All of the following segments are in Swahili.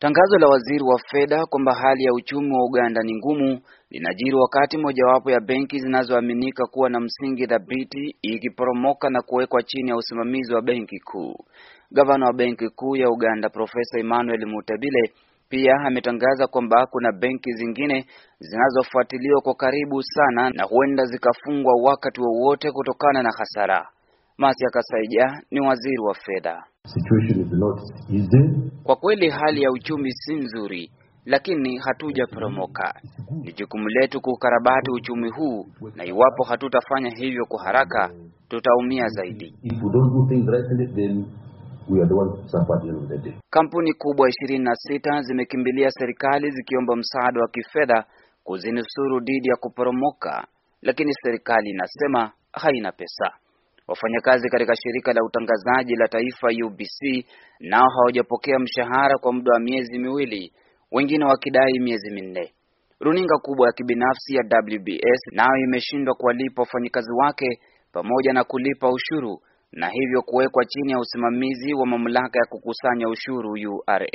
Tangazo la waziri wa fedha kwamba hali ya uchumi wa Uganda ni ngumu linajiri wakati mojawapo ya benki zinazoaminika kuwa na msingi dhabiti ikiporomoka na kuwekwa chini ya usimamizi wa benki kuu. Gavana wa benki kuu ya Uganda Profesa Emmanuel Mutabile pia ametangaza kwamba kuna benki zingine zinazofuatiliwa kwa karibu sana na huenda zikafungwa wakati wowote kutokana na hasara. Masia Kasaija ni waziri wa fedha. Kwa kweli hali ya uchumi si nzuri, lakini hatujaporomoka. Ni jukumu letu kuukarabati uchumi huu, na iwapo hatutafanya hivyo kwa haraka, tutaumia zaidi. Kampuni kubwa 26 zimekimbilia serikali zikiomba msaada wa kifedha kuzinusuru dhidi ya kuporomoka, lakini serikali inasema haina pesa. Wafanyakazi katika shirika la utangazaji la taifa UBC nao hawajapokea mshahara kwa muda wa miezi miwili, wengine wakidai miezi minne. Runinga kubwa ya kibinafsi ya WBS nayo imeshindwa kuwalipa wafanyakazi wake pamoja na kulipa ushuru na hivyo kuwekwa chini ya usimamizi wa mamlaka ya kukusanya ushuru URA.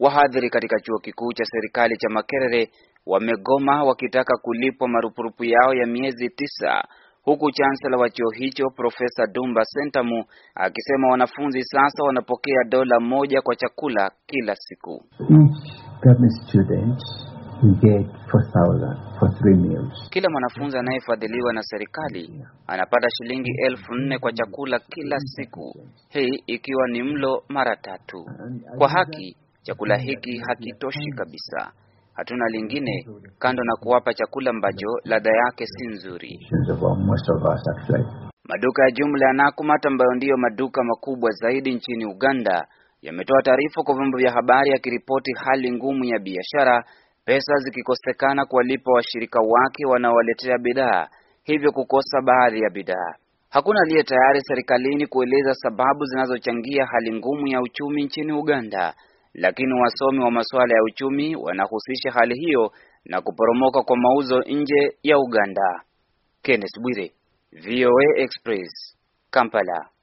Wahadhiri katika chuo kikuu cha serikali cha Makerere wamegoma wakitaka kulipwa marupurupu yao ya miezi tisa huku chansela wa chuo hicho Profesa Dumba Sentamu akisema wanafunzi sasa wanapokea dola moja kwa chakula kila siku. Kila mwanafunzi anayefadhiliwa na serikali anapata shilingi elfu nne kwa chakula kila siku, hii ikiwa ni mlo mara tatu. Kwa haki, chakula hiki hakitoshi kabisa. Hatuna lingine kando na kuwapa chakula ambacho ladha yake si nzuri. Maduka ya jumla ya Nakumatt ambayo ndiyo maduka makubwa zaidi nchini Uganda yametoa taarifa kwa vyombo vya habari yakiripoti hali ngumu ya biashara, pesa zikikosekana kuwalipa washirika wake wanaowaletea bidhaa, hivyo kukosa baadhi ya bidhaa. Hakuna aliye tayari serikalini kueleza sababu zinazochangia hali ngumu ya uchumi nchini Uganda lakini wasomi wa masuala ya uchumi wanahusisha hali hiyo na kuporomoka kwa mauzo nje ya Uganda. Kenneth Bwire, VOA Express, Kampala.